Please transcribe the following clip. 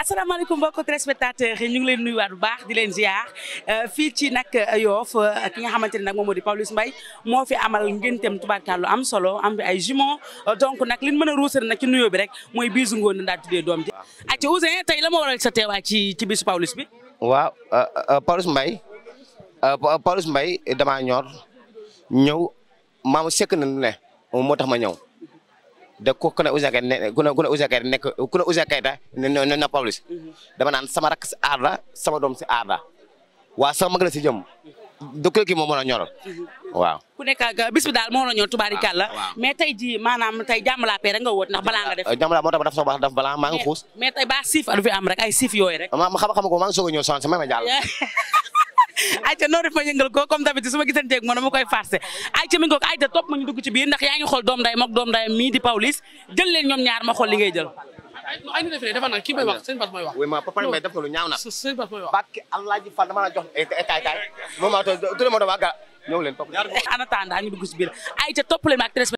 asalaamaaleykum mbokki téléspectateurs yi ñu ngi leen nuyuwaat bu baax di leen ziar euh, fii ci nag euh, Yoff euh, ki nga xamante ne nag moom moo di Pawlish Mbaye moo fi amal ngénteem tubaarkaal lu am solo am bi ay jumeaux donc nag li ñu mën a ruusal nag ci nuyoo bi rek mooy biisu ngoon na daal tuddee doom ji. ak ci Ouzin tey la ma waral sa teewaay ci ci bisu Pawlish bi. waaw Pawlish Mbaye Pawlish Mbaye damaa ñor ñëw maamu sekk na ne moo tax ma ñëw. de ku ku ne Ouzin Keita nekk ku ne na Pawlish dama naan sama rakk si aar la sama doom si aar waa sama mag la si jëm du kii moom a ñor waaw. ku nekk ak uh, bis daal moo mën a ñor tubaarikàlla. mais tey jii maanaam tey jàmbala paire nga wóot ndax balaa nga def. Uh, jàmbala moo tax dafa soog a def balaa maa ngi xuus. mais tey baa siif du fi am rek ay siif yooyu rek. ma xam ko maa ngi soog a ñëw soxna ayca noo def ma yëngal ko comme d'habitude su ma gisanteeg moom dama koy farcé ayca mi ngi ko ayca topp ma ñu dugg biir ndax yaa ngi xool doom ndayam ak doom ndayam mii di jël leen ñoom ñaar ma xool li jël ay ni defee dafa naan mooy wax oui ma papa mooy wax barke Alaaji Fall dama la wa e, e, ga ñu dugg ci biir ayca topp leen ak